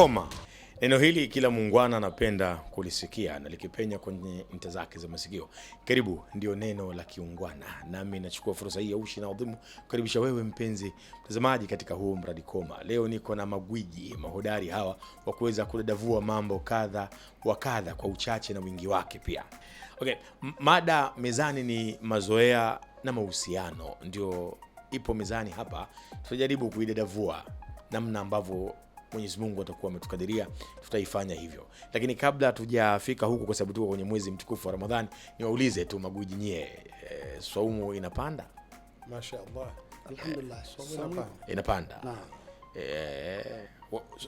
Koma. Neno hili kila muungwana anapenda kulisikia na likipenya kwenye nta zake za masikio. Karibu ndio neno la kiungwana, nami nachukua fursa hii ya ushi na adhimu kukaribisha wewe mpenzi mtazamaji katika huu mradi Koma. Leo niko na magwiji mahodari hawa wa kuweza kudadavua mambo kadha wa kadha kwa uchache na wingi wake pia. Okay, mada mezani ni mazoea na mahusiano, ndio ipo mezani hapa. Tutajaribu kuidadavua namna ambavyo Mwenyezi Mungu atakuwa ametukadiria tutaifanya hivyo. Lakini kabla hatujafika huko, kwa sababu tuko kwenye mwezi mtukufu wa Ramadhani, niwaulize tu maguji nyie, e, swaumu inapanda? Mashaallah, alhamdulillah, swaumu inapanda. E,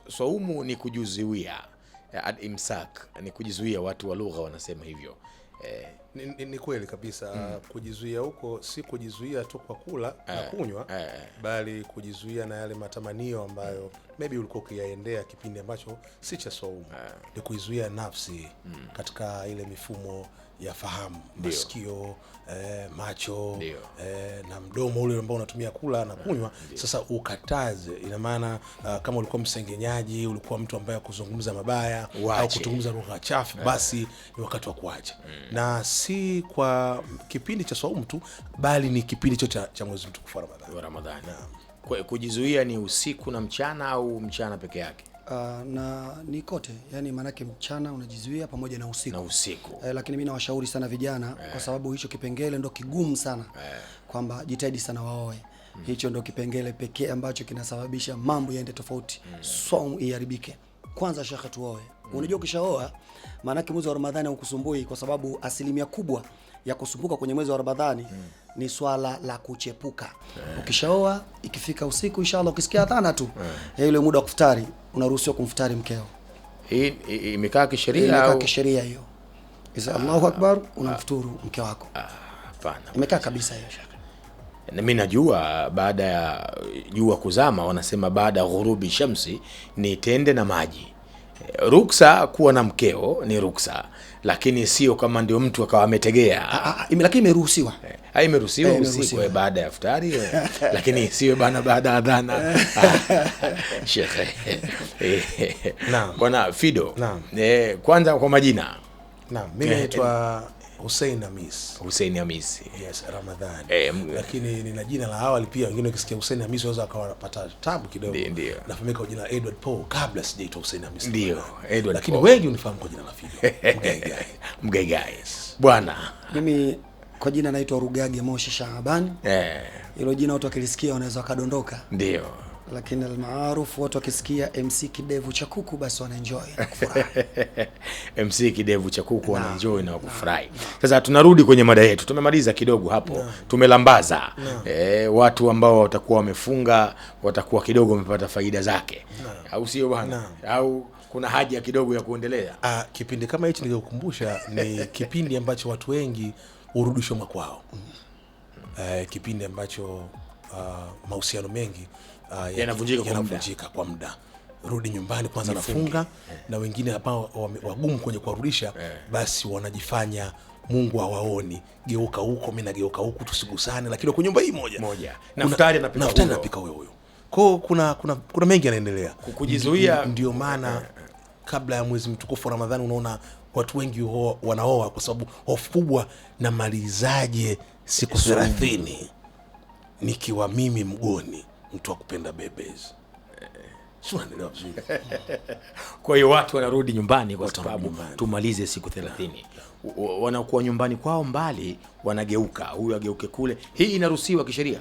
swaumu ni kujuziwia, eh, imsak ni kujizuia, watu wa lugha wanasema hivyo Eh, ni, ni, ni kweli kabisa mm. Kujizuia huko si kujizuia tu kwa kula eh, na kunywa eh, eh, bali kujizuia na yale matamanio ambayo maybe ulikuwa ukiyaendea kipindi ambacho si cha saumu eh. Ni kuizuia nafsi mm. katika ile mifumo yafahamu masikio eh, macho eh, na mdomo ule ambao unatumia kula na kunywa. Sasa ukataze, ina maana uh, kama ulikuwa msengenyaji, ulikuwa mtu ambaye kuzungumza mabaya au kuzungumza lugha chafu, eh. basi ni wakati wa kuacha mm. na si kwa kipindi cha saumu tu, bali ni kipindi chote cha mwezi mtukufu wa Ramadhani. Ramadhani kujizuia ni usiku na mchana au mchana peke yake? Ah, na ni kote yani, maanake mchana unajizuia pamoja na usiku, na usiku. Uh, lakini mimi nawashauri sana vijana eh, kwa sababu hicho kipengele ndo kigumu sana eh, kwamba jitahidi sana waoe mm. Hicho ndo kipengele pekee ambacho kinasababisha mambo yaende tofauti mm. Somu iharibike kwanza, shaka tuoe mm. Unajua, ukishaoa maanake mwezi wa Ramadhani haukusumbui kwa sababu asilimia kubwa ya kusumbuka kwenye mwezi wa Ramadhani mm ni swala la kuchepuka yeah. Ukishaoa ikifika usiku, inshallah, ukisikia adhana tu yeah. Eh, ile muda wa kufutari, unaruhusiwa kumfutari mkeo. Hii imekaa kisheria, imekaa kisheria hiyo Isa ah, Allahu akbar, unamfuturu ah. mke wako. Ah, hapana, ah, imekaa kabisa hiyo. Mimi najua baada ya jua kuzama, wanasema baada ya ghurubi shamsi ni tende na maji. Eh, ruksa kuwa na mkeo ni ruksa, lakini sio kama ndio mtu akawa ametegea, ah, lakini imeruhusiwa eh, Eh, imeruhusiwa usiku baada ya iftari lakini siwe bana baada ya adhana. Shekhe bwana Fido, eh, kwanza kwa majina naam, mimi eh, naitwa eh, Hussein Hamis. Hussein Hamis. Yes, Ramadhani. Eh, lakini nina jina la awali pia wengine wakisikia Hussein Hamis waweza akawa wanapata tabu kidogo. Ndio. Nafahamika kwa jina la Edward Paul kabla sijaitwa Hussein Hamis. Ndio, Edward. Lakini wengi unifahamu kwa jina la Fido. Mgaigai. Mgaigai. Bwana. Mimi kwa jina naitwa Rugage Moshi Shaabani. Eh. Hilo jina watu wakilisikia wanaweza wakadondoka. Ndio. Lakini almaarufu watu wakisikia MC Kidevu cha kuku basi wanaenjoy na kufurahi. MC Kidevu cha kuku wanaenjoy na kufurahi. Sasa tunarudi kwenye mada yetu. Tumemaliza kidogo hapo. Na. Tumelambaza. Na. E, eh, watu ambao watakuwa wamefunga watakuwa kidogo wamepata faida zake. Au sio bwana? Au kuna haja kidogo ya kuendelea. Ah, kipindi kama hichi nilikukumbusha ni kipindi ambacho watu wengi urudishwe makwao. mm. Uh, eh, kipindi ambacho uh, mahusiano mengi uh, yanavunjika ya kwa, kwa muda rudi nyumbani kwanza, nafunga yeah. na wengine ambao wagumu kwenye kuwarudisha yeah. basi wanajifanya Mungu hawaoni, geuka huko, mimi nageuka huku, tusigusane, lakini kwa nyumba hii moja moja naftari anapika huyo huyo kwao. Kuna, kuna, kuna mengi yanaendelea kujizuia, ndio maana eh, eh, kabla ya mwezi mtukufu wa Ramadhani unaona watu wengi wanaoa kwa sababu hofu kubwa, namalizaje siku thelathini nikiwa mimi mgoni, mtu wa kupenda bebezi vizuri. Eh. Kwa hiyo watu wanarudi nyumbani kwa sababu tumalize siku thelathini. Wanakuwa nyumbani kwao mbali, wanageuka, huyu ageuke kule. Hii inaruhusiwa kisheria?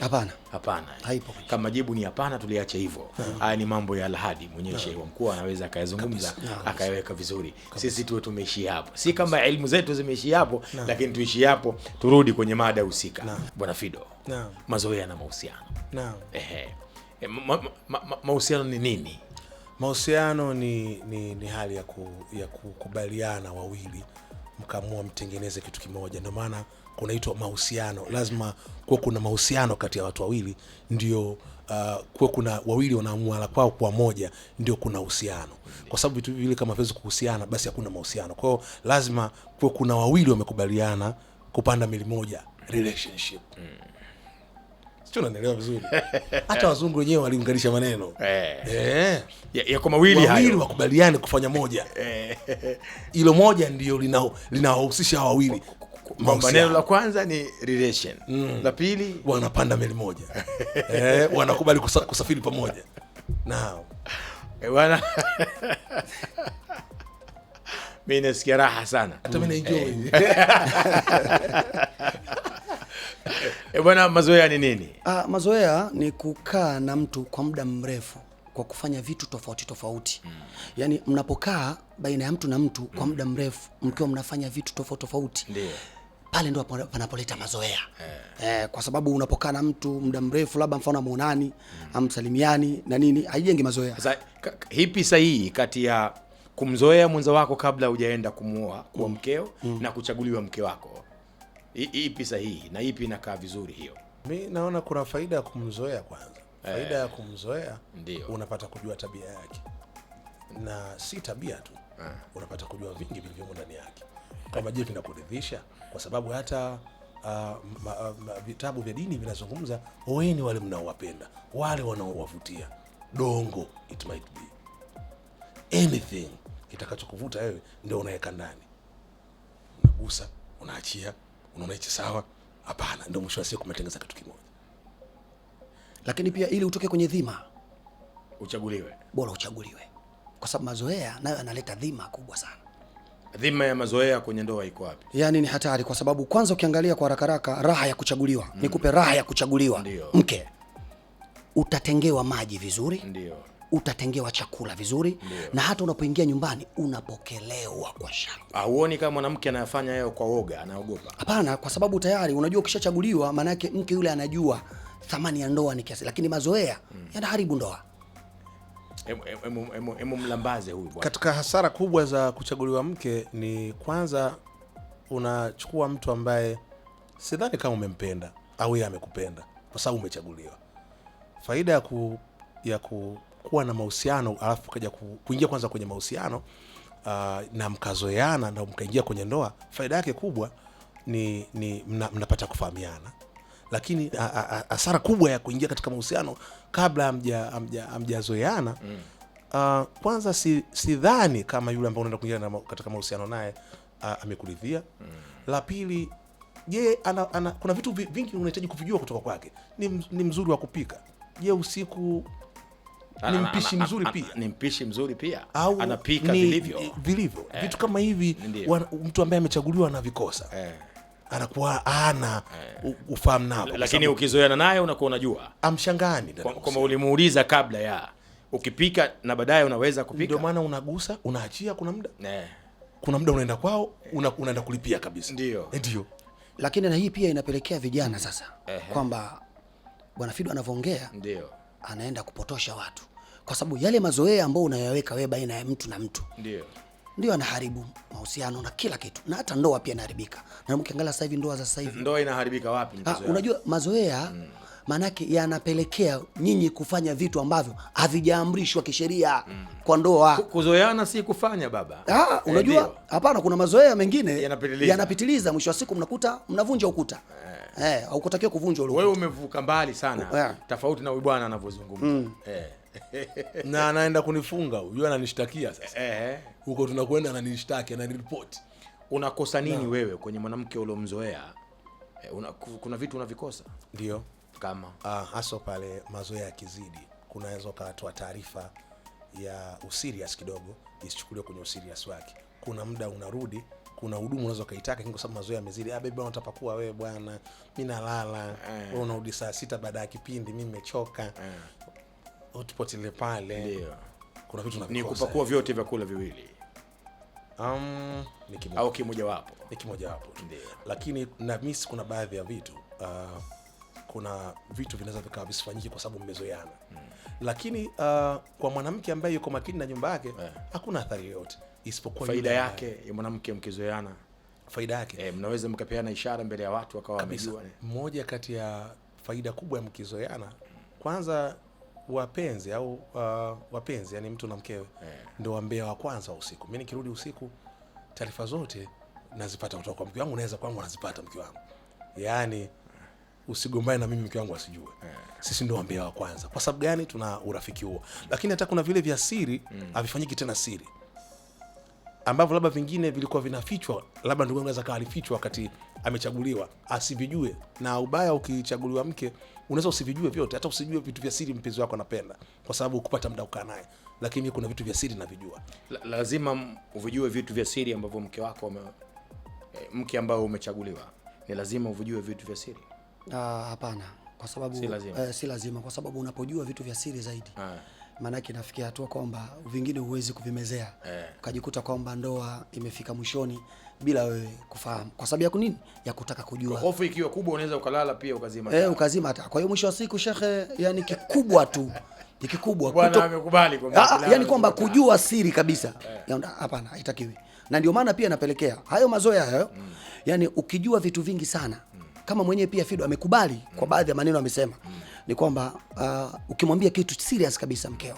Hapana, hapana, haipo. Kama jibu ni hapana, tuliacha hivyo. Hmm. Haya ni mambo ya Alhadi, mwenyewe wa mkuu anaweza akayazungumza akayaweka vizuri. Sisi tuwe tumeishi hapo, si kama elimu zetu zimeishi hapo, lakini tuishi hapo, turudi kwenye mada husika. Bwana Fido, mazoea na mahusiano, ehe, e, mahusiano ni nini? Mahusiano ni, ni, ni hali ya, ku, ya kukubaliana wawili mkaamua mtengeneze kitu kimoja. Ndio maana kunaitwa mahusiano, lazima kuwe kuna mahusiano kati ya watu wawili, ndio uh, kuwe kuna wawili wanaamua la kwao kwa moja, ndio kuna uhusiano, kwa sababu vitu vile kama viwezi kuhusiana, basi hakuna mahusiano. Kwa hiyo lazima kuwe kuna wawili wamekubaliana kupanda mili moja, relationship mm sio, unanielewa vizuri. Hata wazungu wenyewe waliunganisha maneno eh, Eh. yako mawili hayo, wakubaliane kufanya moja, hilo eh. moja ndio linawahusisha lina wawili. Neno la kwanza ni relation, mm. la pili wanapanda meli moja eh, wanakubali kusafiri pamoja nao eh, bwana mi nasikia raha sana, hata mi naenjoy eh. E bwana, mazoea ni nini? Ah, mazoea ni kukaa na mtu kwa muda mrefu kwa kufanya vitu tofauti tofauti mm. Yaani mnapokaa baina ya mtu na mtu kwa hmm. muda mrefu mkiwa mnafanya vitu tofauti tofauti Ndiyo. Pale ndo panapoleta mazoea yeah. Eh, kwa sababu unapokaa na mtu muda mrefu labda mfano muonani mm. amsalimiani na nini haijengi mazoea. Sasa hipi sahihi kati ya kumzoea mwenza wako kabla hujaenda kumuoa kuwa hmm. mkeo mm. na kuchaguliwa mke wako ipi sahihi na ipi inakaa vizuri hiyo? Mi naona kuna faida ya kumzoea kwanza. Faida eh. ya kumzoea ndio unapata kujua tabia yake, na si tabia tu ha. Eh. Unapata kujua vingi vilivyomo ndani yake kama je, vinakuridhisha kwa sababu hata uh, vitabu vya dini vinazungumza, oeni wale mnaowapenda, wale wanaowavutia. Dongo it might be anything kitakachokuvuta wewe, ndio unaweka ndani, unagusa, unaachia unaona hichi sawa? Hapana, ndio mwisho wa siku umetengeza kitu kimoja. Lakini pia ili utoke kwenye dhima, uchaguliwe, bora uchaguliwe, kwa sababu mazoea nayo yanaleta dhima kubwa sana. Dhima ya mazoea kwenye ndoa iko wapi? Yaani ni hatari, kwa sababu kwanza ukiangalia kwa haraka haraka, raha ya kuchaguliwa mm. Nikupe raha ya kuchaguliwa Ndiyo. Mke utatengewa maji vizuri Ndiyo utatengewa chakula vizuri Mdia. na hata unapoingia nyumbani unapokelewa kwa shangwe. Hauoni kama mwanamke anayafanya hayo kwa woga, anaogopa? Hapana, kwa sababu tayari unajua ukishachaguliwa, maana yake mke yule anajua thamani ya ndoa ni kiasi, lakini mazoea mm. yanaharibu ndoa. Emu mlambaze huyu bwana. Katika hasara kubwa za kuchaguliwa mke ni kwanza, unachukua mtu ambaye sidhani kama umempenda au yeye amekupenda kwa sababu umechaguliwa. Faida ya ku, ya ku kuwa na mahusiano alafu kaja kuingia kwanza kwenye mahusiano uh, na mkazoeana na mkaingia kwenye ndoa, faida yake kubwa ni, ni mna, mnapata kufahamiana, lakini hasara kubwa ya kuingia katika mahusiano kabla hamjazoeana mm. Uh, kwanza si sidhani kama yule ambaye unaenda kuingia katika mahusiano naye uh, amekuridhia mm. La pili je, kuna vitu vingi unahitaji kuvijua kutoka kwake. Ni, ni mzuri wa kupika. Je, usiku ni mpishi mzuri pia, ni mpishi mzuri pia, au anapika vilivyo vilivyo eh. Vitu kama hivi wa, mtu ambaye amechaguliwa na vikosa eh anakuwa ana eh. ufahamu nao, lakini ukizoeana naye unakuwa unajua, amshangani kwamba ulimuuliza kabla ya ukipika na baadaye unaweza kupika. Ndio maana unagusa, unaachia, kuna muda eh, kuna muda unaenda kwao, unaenda kulipia kabisa. Ndio ndio, lakini na hii pia inapelekea vijana sasa, kwamba bwana Fido anavyoongea ndio anaenda kupotosha watu, kwa sababu yale mazoea ambayo unayaweka wewe baina ya mtu na mtu ndio ndio anaharibu mahusiano na kila kitu, na hata ndoa pia inaharibika. Na mkiangalia sasa hivi ndoa za sasa hivi, ndoa inaharibika wapi? Ha, ah, unajua mazoea mm. maanake mm. yanapelekea nyinyi kufanya vitu ambavyo havijaamrishwa kisheria mm. kwa ndoa. Kuzoeana si kufanya baba. Ha, ah, eh, unajua hapana, kuna mazoea mengine yanapitiliza, yanapitiliza mwisho wa siku mnakuta mnavunja ukuta eh eh, haukutakiwa kuvunjwa ule. Wewe umevuka mbali sana yeah. Tofauti na huyu bwana anavyozungumza mm. eh. na anaenda kunifunga huyu, ananishtakia sasa eh. eh. Huko tunakwenda ananishtaki, ananiripoti. Unakosa nini na wewe kwenye mwanamke uliomzoea eh, una, kuna vitu unavikosa ndio kama ah, haso pale mazoea yakizidi, kunaweza ukatoa taarifa ya usirias kidogo, isichukuliwe kwenye usirias wake. Kuna muda unarudi kuna huduma unaweza ukaitaka, kwa sababu mazoea yamezidi. Ah, baby bwana, kuwa wewe bwana, mimi nalala, eh. wewe unarudi saa sita baada ya kipindi, mimi nimechoka, utupotele eh. pale. Ndio kuna vitu tunavikosa, ni kupakua vyote vyakula viwili Um, ni kimoja au kimoja wapo, ni kimoja wapo ndio, lakini na miss, kuna baadhi ya vitu uh, kuna vitu vinaweza vikawa visifanyike kwa sababu mmezoeana mm lakini uh, kwa mwanamke ambaye yuko makini na nyumba yake eh. hakuna athari yoyote isipokuwa faida yake ya mwanamke mkizoeana faida yake e, mnaweza mkapeana ishara mbele ya watu wakawa wamejua. Moja kati ya faida kubwa ya mkizoeana, kwanza wapenzi au uh, wapenzi yani mtu na mkewe e, eh. ndo wambea wa kwanza wa usiku. Mimi nikirudi usiku, taarifa zote nazipata kutoka kwa mke wangu, naweza kwangu nazipata mke wangu yani usigombane na mimi, mke wangu asijue. Eh. Sisi ndo wambia wa kwanza. Kwa sababu gani? Tuna urafiki huo, lakini hata kuna vile vya siri mm. havifanyiki tena siri ambavyo labda vingine vilikuwa vinafichwa, labda ndugu yangu anaweza kawa alifichwa wakati amechaguliwa asivijue. Na ubaya ukichaguliwa mke unaweza usivijue vyote, hata usijue vitu vya siri mpenzi wako anapenda, kwa sababu ukupata muda ukaa naye, lakini kuna vitu vya siri navijua. La, lazima uvijue vitu vya siri ambavyo mke wako ume, eh, mke ambao umechaguliwa ni lazima uvijue vitu vya siri Ah, hapana, kwa sababu si lazima. Uh, si lazima kwa sababu unapojua vitu vya siri zaidi ah. maanake nafikia hatua kwamba vingine huwezi kuvimezea eh. ukajikuta kwamba ndoa imefika mwishoni bila wewe kufahamu, kwa sababu ya kunini ya kutaka kujua. Hofu ikiwa kubwa unaweza ukalala pia ukazima eh, ukazima hata. Kwa hiyo mwisho wa siku shekhe, yani kikubwa tu kikubwa bwana amekubali kwamba ah, yani kwamba kujua siri kabisa, eh. hapana, haitakiwi. Na ndio maana pia napelekea hayo mazoea hayo, mm. yani ukijua vitu vingi sana kama mwenyewe pia Fido amekubali kwa baadhi ya maneno amesema, ni kwamba uh, ukimwambia kitu serious kabisa mkeo,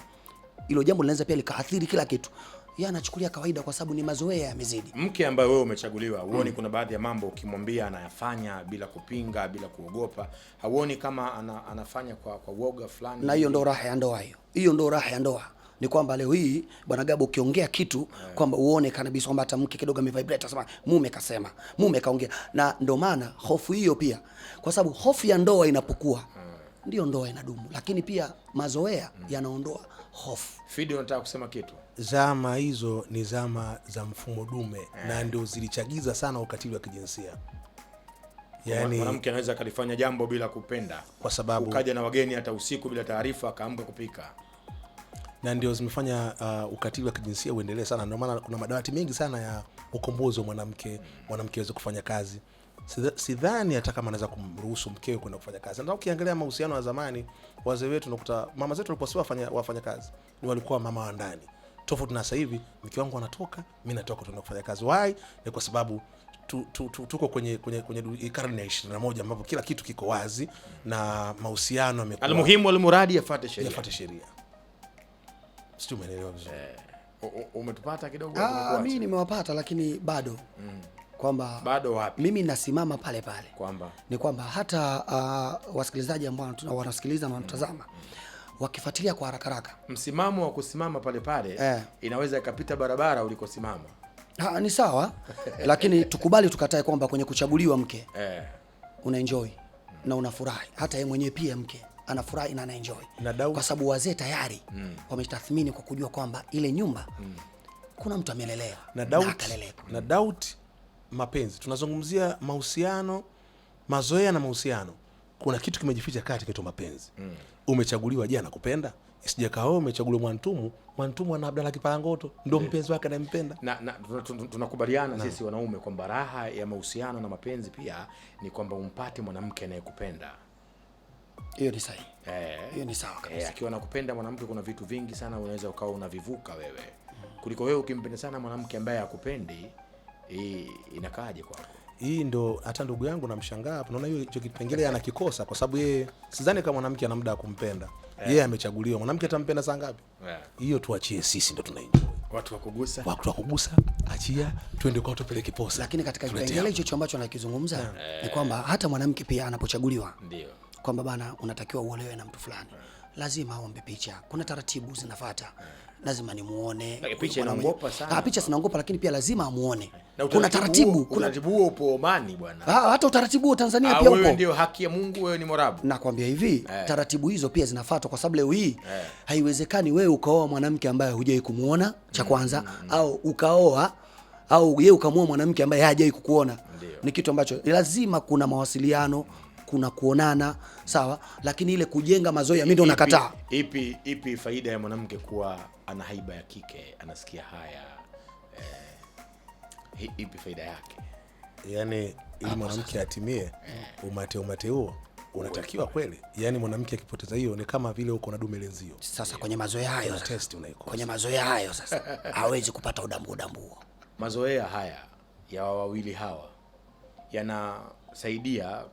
hilo jambo linaweza pia likaathiri kila kitu yeye anachukulia kawaida kwa sababu ni mazoea yamezidi. Mke ambaye wewe umechaguliwa, huoni mm. kuna baadhi ya mambo ukimwambia anayafanya bila kupinga, bila kuogopa, hauoni kama ana, anafanya kwa kwa woga fulani? Na hiyo ndo raha ya ndoa hiyo, hiyo ndo raha ya ndoa ni kwamba leo hii bwana Gabo ukiongea kitu kwamba uone kanabisa kwamba hata mke kidogo amevibrate, asema mume kasema, mume kaongea. Na ndio maana hofu hiyo pia, kwa sababu hofu ya ndoa inapokuwa ndio ndoa inadumu, lakini pia mazoea yanaondoa hofu. Fidi, unataka kusema kitu? Zama hizo ni zama za mfumo dume eh. na ndio zilichagiza sana ukatili wa kijinsia Yani, mwanamke anaweza akalifanya jambo bila kupenda, kwa sababu ukaja na wageni hata usiku bila taarifa, akaamka kupika na ndio zimefanya uh, ukatili wa kijinsia uendelee sana. Ndio maana kuna madawati mengi sana ya ukombozi wa mwanamke, mwanamke aweze kufanya kazi. Sidhani hata kama anaweza kumruhusu mkewe kwenda kufanya kazi. Na ukiangalia mahusiano ya zamani, wazee wetu, nakuta mama zetu walipokuwa wafanya, wafanya kazi ni walikuwa mama wa ndani, tofauti na sasa hivi mke wangu anatoka, mimi natoka, tunaenda kufanya kazi. Why? Ni kwa sababu tu, tu, tu, tuko kwenye kwenye kwenye karne ya 21 ambapo kila kitu kiko wazi na mahusiano yamekuwa, almuhimu almuradi yafuate sheria, yafuate sheria si umeelewa vizuri eh? Umetupata kidogo? Ah, mimi nimewapata lakini bado mm. Kwamba bado wapi? Mimi nasimama pale pale kwamba ni kwamba hata uh, wasikilizaji ambao wanasikiliza na wanatazama mm. wakifuatilia kwa haraka haraka, msimamo wa kusimama pale pale eh, inaweza ikapita barabara ulikosimama. Ha, ni sawa lakini tukubali tukatae kwamba kwenye kuchaguliwa mke eh, unaenjoy mm. na unafurahi hata yeye mwenyewe pia mke anafurahi na anaenjoy kwa sababu wazee tayari mm. wametathmini kwa kujua kwamba ile nyumba mm. kuna mtu amelelea na doubt, na doubt mapenzi, tunazungumzia mahusiano, mazoea na mahusiano, kuna kitu kimejificha kati kitu mapenzi mm. umechaguliwa je anakupenda sijakao umechaguliwa Mwantumu, Mwantumu ana Abdalla Kipalangoto ndio hmm. mpenzi wake anayempenda. Tunakubaliana sisi wanaume kwamba raha ya mahusiano na mapenzi pia ni kwamba umpate mwanamke anayekupenda. Hiyo ni sahihi. Eh. Hiyo ni sawa kabisa. Ikiwa eh, nakupenda mwanamke, kuna vitu vingi sana unaweza ukawa unavivuka wewe mm. kuliko wewe ukimpenda sana mwanamke ambaye akupendi. Hii inakaaje kwako? Hii ndo hata ndugu yangu namshangaa hapo, naona hiyo hicho kipengele anakikosa, kwa sababu yeye sidhani kama mwanamke ana muda wa kumpenda eh. yeye. Yeah. Amechaguliwa mwanamke atampenda saa ngapi? Hiyo Yeah. tuachie sisi, ndo tunaenjoy watu wa kugusa, watu wa kugusa, achia tuende kwao, tupeleke posa. Lakini katika kipengele hicho ambacho anakizungumza, yeah. ni kwamba hata mwanamke pia anapochaguliwa ndio kwamba bana, unatakiwa uolewe na mtu fulani, lazima aombe picha. Kuna taratibu zinafata, lazima nimuone. Picha inaogopa sana. Ah, picha zinaogopa, lakini pia lazima amuone. Kuna taratibu, kuna taratibu huo upo Omani bwana. Ah, hata utaratibu huo Tanzania ah, pia upo. Wewe ndio haki ya Mungu, wewe ni morabu. Nakwambia hivi, eh. taratibu hizo pia zinafuatwa kwa sababu leo hii eh. haiwezekani wewe ukaoa mwanamke ambaye hujai kumuona cha mm, kwanza, mm, mm. au ukaoa au yeye ukamwoa mwanamke ambaye hajai kukuona. Ni kitu ambacho lazima kuna mawasiliano kuna kuonana sawa, lakini ile kujenga mazoea mi ndo nakataa. Ipi ipi faida ya mwanamke kuwa ana haiba ya kike, anasikia haya eh, ipi faida yake? Yani ili mwanamke atimie eh. umate umate huo unatakiwa kweli, yani mwanamke akipoteza hiyo ni kama vile uko na dume lenzio. Sasa kwenye mazoea hayo kwenye mazoea hayo sasa hawezi kupata udambu udambu Mazoea haya ya wawili hawa yanasaidia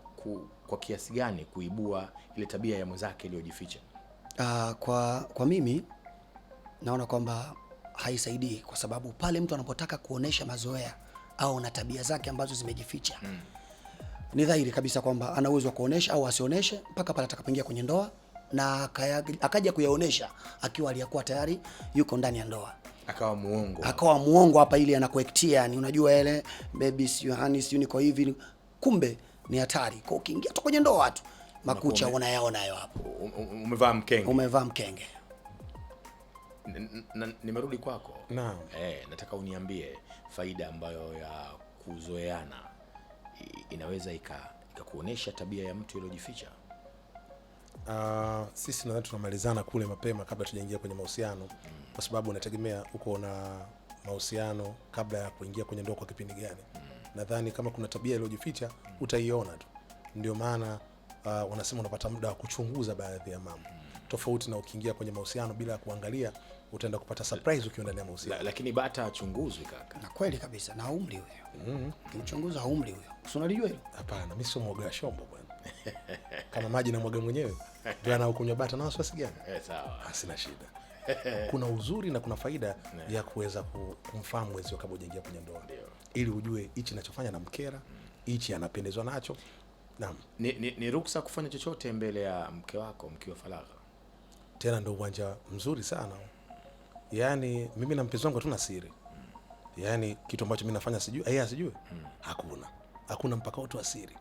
kwa kiasi gani kuibua ile tabia ya mwenzake iliyojificha? Uh, kwa, kwa mimi naona kwamba haisaidii kwa sababu pale mtu anapotaka kuonesha mazoea au na tabia zake ambazo zimejificha mm. Ni dhahiri kabisa kwamba ana uwezo wa kuonesha au asioneshe mpaka pale atakapoingia kwenye ndoa na akaja kuyaonesha akiwa aliyakuwa tayari yuko ndani ya ndoa, akawa muongo, akawa muongo hapa, ili anakuektia, yani unajua ile baby, si Yohani, hivi, kumbe ni hatari. Kwa ukiingia tu kwenye ndoa tu makucha unayaona hayo hapo. Umevaa mkenge. Umevaa mkenge. Nimerudi kwako. Naam. Eh, nataka uniambie faida ambayo ya kuzoeana inaweza ikakuonesha tabia ya mtu iliyojificha. Uh, sisi nadhani tunamalizana kule mapema kabla tujaingia kwenye mahusiano mm. Kwa sababu unategemea uko na mahusiano kabla ya kuingia kwenye ndoa kwa kipindi gani mm nadhani kama kuna tabia iliyojificha utaiona tu. Ndio maana uh, wanasema unapata muda wa kuchunguza baadhi ya mambo tofauti na ukiingia kwenye mahusiano bila kuangalia, utaenda kupata surprise ukiwa ndani ya mahusiano. lakini bata achunguzwi kaka, na kweli kabisa, na umri huyo mm -hmm. umri huyo, si unalijua hilo? Hapana, mimi sio mwoga shombo bwana kama maji na mwaga mwenyewe ndio anaokunywa bata na wasiwasi gani? Eh, sawa, ah, sina shida. kuna uzuri na kuna faida ne. ya kuweza kumfahamu mwenzio kabla hujaingia kwenye ndoa, ili ujue hichi nachofanya na mkera hichi anapendezwa nacho. Naam, ni, ni, ni ruksa kufanya chochote mbele ya mke wako mkiwa faragha. Tena ndio uwanja mzuri sana yani mimi na mpenzi wangu hatuna siri yani kitu ambacho mimi nafanya sijui yeye asijue mm. hakuna hakuna mpaka watu wa siri,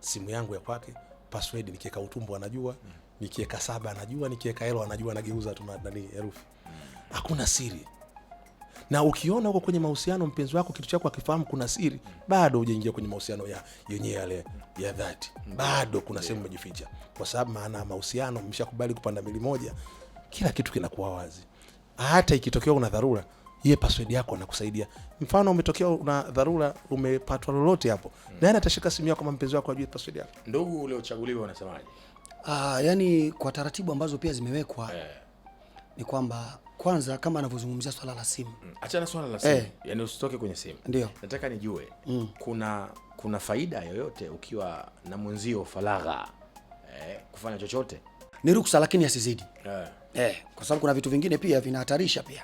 simu yangu ya kwake, password nikiweka utumbo anajua mm nikiweka saba anajua, nikiweka elo anajua, anageuza tu nani herufi. Hakuna siri. Na ukiona huko kwenye mahusiano mpenzi wako kitu chako akifahamu kuna siri, bado hujaingia kwenye mahusiano ya yenyewe yale ya dhati, bado kuna sehemu umejificha, kwa sababu maana mahusiano, mshakubali kupanda mili moja, kila kitu kinakuwa wazi. Hata ikitokea una dharura ye password yako anakusaidia. Mfano umetokea una dharura, umepatwa lolote hapo, mm. naye atashika simu yako, mpenzi wako ajue password yako. Ndugu uliochaguliwa unasemaje? Aa, ah, yani kwa taratibu ambazo pia zimewekwa yeah. ni kwamba kwanza kama anavyozungumzia swala la simu mm. Achana swala la simu eh, yani usitoke kwenye simu. Ndio nataka nijue mm. kuna kuna faida yoyote ukiwa na mwenzio faragha eh, kufanya chochote? Ni ruksa lakini asizidi eh. Eh, kwa sababu kuna vitu vingine pia vinahatarisha pia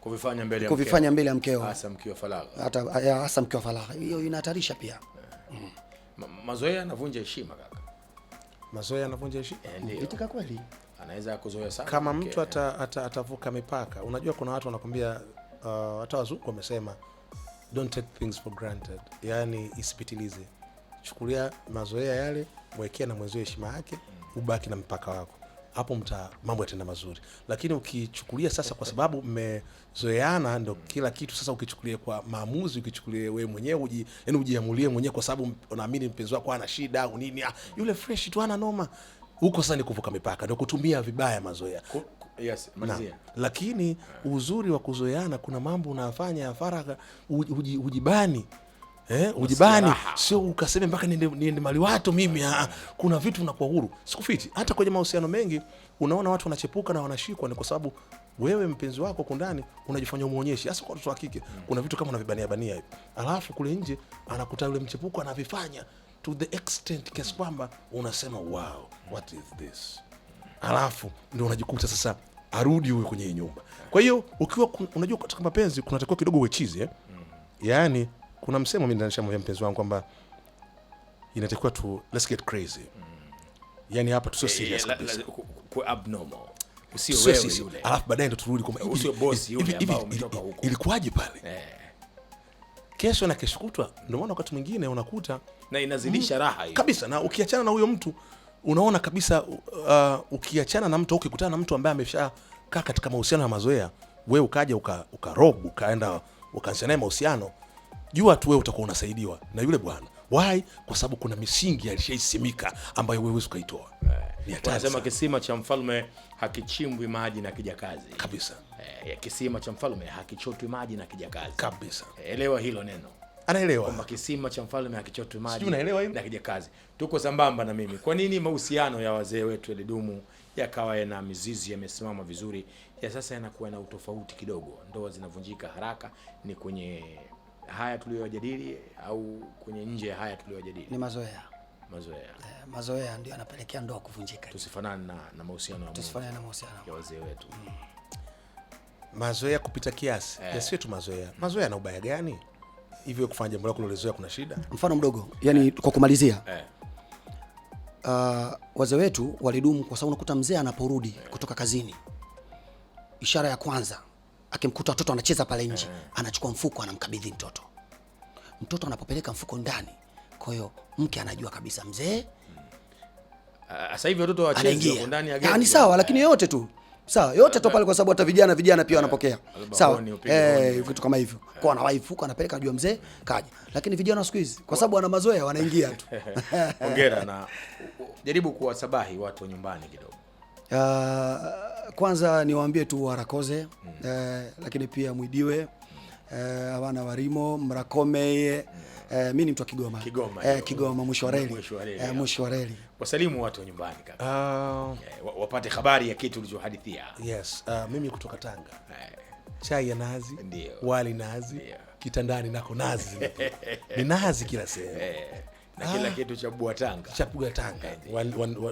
kuvifanya mbele ya mkeo, kuvifanya mbele ya mkeo hasa mkiwa faragha, hata eh, hasa mkiwa faragha, hiyo inahatarisha pia eh. mm. Ma mazoea yanavunja heshima kaka mazoea yanavunja heshima. Eh, Itika kweli. Anaweza kuzoea sana. Kama mtu atavuka mipaka. Unajua kuna watu wanakwambia uh, hata uh, wazungu wamesema don't take things for granted. yani isipitilize. Chukulia mazoea yale, mwekea na mwenzio heshima yake, ubaki na mpaka wako hapo mta mambo yatenda mazuri, lakini ukichukulia sasa, kwa sababu mmezoeana, ndo kila kitu sasa. Ukichukulia kwa maamuzi, ukichukulia wewe mwenyewe uji, yani ujiamulie mwenyewe, kwa sababu unaamini mpenzi wako ana shida au nini, ah, yule fresh tu ana noma huko. Sasa ni kuvuka mipaka, ndo kutumia vibaya mazoea. Yes, Lakini uzuri wa kuzoeana, kuna mambo unafanya ya faragha, hujibani uji, eh, ujibani, sio ukaseme mpaka niende niende mali watu mimi. Ah, ah kuna vitu vinakuwa huru, sikufiti. Hata kwenye mahusiano mengi unaona watu wanachepuka na wanashikwa, ni kwa sababu wewe mpenzi wako kundani unajifanya umuonyeshi, hasa kwa watoto wa kike. Hmm. Kuna vitu kama unavibania bania hivi, alafu kule nje anakuta yule mchepuko anavifanya to the extent kiasi kwamba unasema wow, what is this? Alafu ndio unajikuta sasa arudi huyo kwenye nyumba. Kwa hiyo ukiwa unajua katika mapenzi kunatakiwa kidogo uwe chizi eh? Hmm. Yaani kuna msemo mimi nishamwambia mpenzi wangu kwamba inatakiwa tu let's get crazy mm. Yani hapa tusio yeah, eh, serious kabisa, kwa abnormal usio wewe yule, alafu baadaye ndo turudi kwamba usio boss yule ambao umetoka huko, ilikuwaje pale eh kesho na kesho kutwa. Ndio maana wakati mwingine unakuta na inazidisha mm, raha hiyo kabisa, na ukiachana na huyo mtu unaona kabisa uh, ukiachana na mtu ukikutana na mtu ambaye ameshakaa katika mahusiano ya mazoea, wewe ukaja ukarobu uka ukaenda ukaanza naye mahusiano jua tu wewe utakuwa unasaidiwa na yule bwana. Why? Kwa sababu kuna misingi alishaisimika ambayo wewe ukaitoa. Eh, Anasema kisima cha mfalme hakichimbwi maji na kazi kabisa. E, kisima cha mfalme hakichotwi maji na kazi kabisa. Elewa hilo neno, anaelewa kwamba kisima cha mfalme hakichotwi maji na kazi. Tuko sambamba na mimi. Kwa nini mahusiano ya wazee wetu yalidumu yakawa yana mizizi, yamesimama vizuri? Ya sasa yanakuwa na utofauti kidogo, ndoa zinavunjika haraka, ni kwenye haya tuliyojadili au kwenye nje ya haya tuliyojadili? Ni mazoea. Mazoea. Eh, mazoea ndio yanapelekea ndoa kuvunjika. Tusifanane na na mahusiano ya tusifanane na mahusiano ya wazee wetu. Mm. Mazoea kupita kiasi. Eh. Yasiwe tu mazoea. Mazoea yana ubaya gani? Hivyo kufanya jambo lako lolezoea kuna shida? Mfano mdogo. yani eh, kwa kumalizia. Eh. Uh, wazee wetu walidumu kwa sababu unakuta mzee anaporudi eh, kutoka kazini. Ishara ya kwanza akimkuta mtoto anacheza pale nje, eh, eh. anachukua mfuko anamkabidhi mtoto. Mtoto anapopeleka mfuko ndani, kwa hiyo mke anajua kabisa mzee sasa hivi watoto wacheze huko ndani ya yaani gari. sawa lakini eh. yote tu. Sawa, yote tu pale kwa sababu hata vijana vijana pia wanapokea. Sawa. Eh, kitu kama hivyo. Kwa ana wife huko anapeleka anajua mzee kaja. Lakini vijana siku hizi kwa sababu wana mazoea wanaingia tu. Hongera na jaribu kuwasabahi watu nyumbani kidogo. Uh, kwanza niwaambie tu warakoze mm. eh, lakini pia mwidiwe eh, warimo mrakome ye eh, hmm. eh mi ni mtu wa Kigoma Kigoma, eh, Kigoma mwisho wa reli mwisho wa reli eh, wasalimu watu wa nyumbani kaka, uh, eh, wapate habari ya kitu ulichohadithia. Yes, uh, mimi kutoka Tanga eh. Chai ya nazi Ndiyo. wali nazi Ndiyo. kitandani nako nazi ni nazi kila sehemu eh na kila ah. kitu cha Bwatanga cha Bwatanga eh,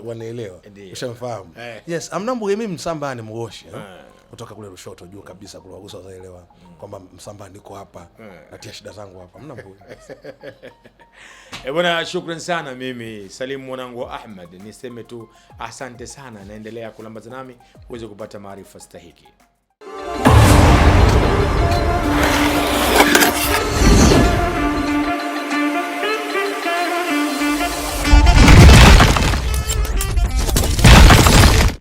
wanaelewa, ushamfahamu eh. yes. Amnambuge mimi ni mgoshi eh, kutoka kule Lushoto juu kabisa kule wagusa wazaelewa mm. kwamba Msamba niko hapa natia shida zangu hapa Amnambuge. Eh, bwana, shukrani sana. Mimi Salimu mwanangu wa Ahmed, niseme tu asante sana, naendelea kulambaza nami uweze kupata maarifa stahiki